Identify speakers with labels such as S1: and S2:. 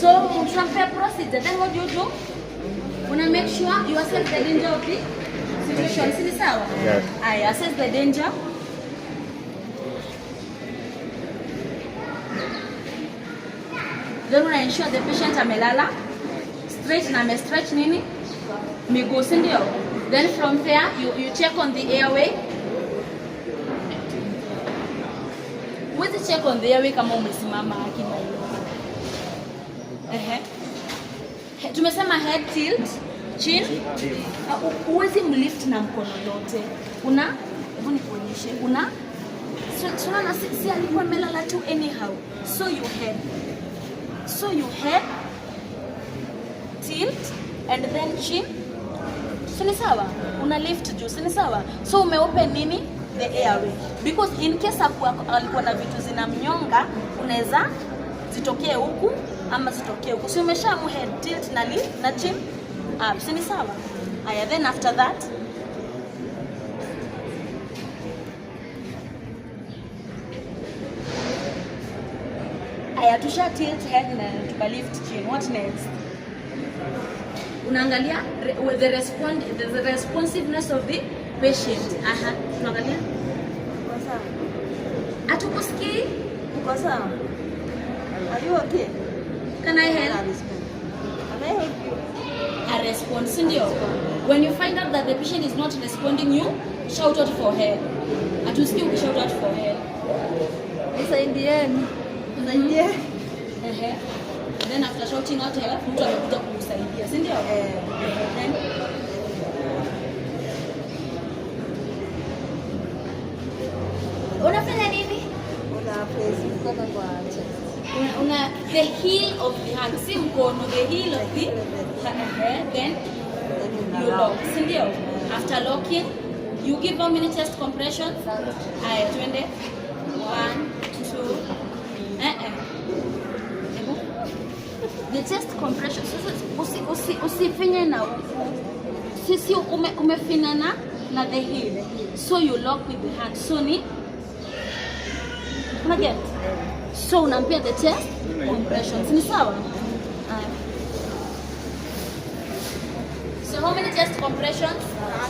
S1: So musafir procedure then what you do? Una make sure you assess the danger of the situation. Si sawa? Yes. I assess the danger. Then una ensure the patient amelala straight na amestretch nini? Miguu, si ndio? Then from there you, you check on the airway. Wezi check on the airway kama umesimama akina hiyo. Ehe. Tumesema head tilt chin. Ah, uwezi mlift na mkono yote. Una hebu nikuonyeshe. Una tunaona si, si alikuwa melala tu anyhow. So you head. So you head tilt and then chin. Si ni sawa? Una lift juu, si ni sawa? So umeopen nini? The airway. Because in case alikuwa na vitu zinamnyonga, unaweza zitokee huku ama zitokee huku, si umeshamu head tilt na lift na chin up, si ni sawa? Aya, then after that Aya, tusha tilt head na lift chin. What next? Unaangalia the respond the the responsiveness of the patient. Aha, unaangalia. Kwa sawa. Atukusikii?
S2: Kwa sawa. Are you okay?
S1: Can I help?
S2: Can I help you?
S1: A response, ndio. When you find out that the patient is not responding, you shout out for help. you still shout out for help.
S2: It's in the end. In the end.
S1: Then after shouting out help, mtu amekuja kumsaidia, si ndio? Eh. Then Unafanya nini?
S2: Una Facebook kwa kwa
S1: una, una, the heel of the hand, si mkono, the heel of the hand, then you lock, si ndio? After locking, you give how many chest compression? Haya, twende one, two, eh eh, the chest compression. Sasa usi usifinye na sisi ume umefinya na na the heel, so you lock with the hand, so ni unaget so unampia the chest compressions. Ni sawa? So how many chest compressions?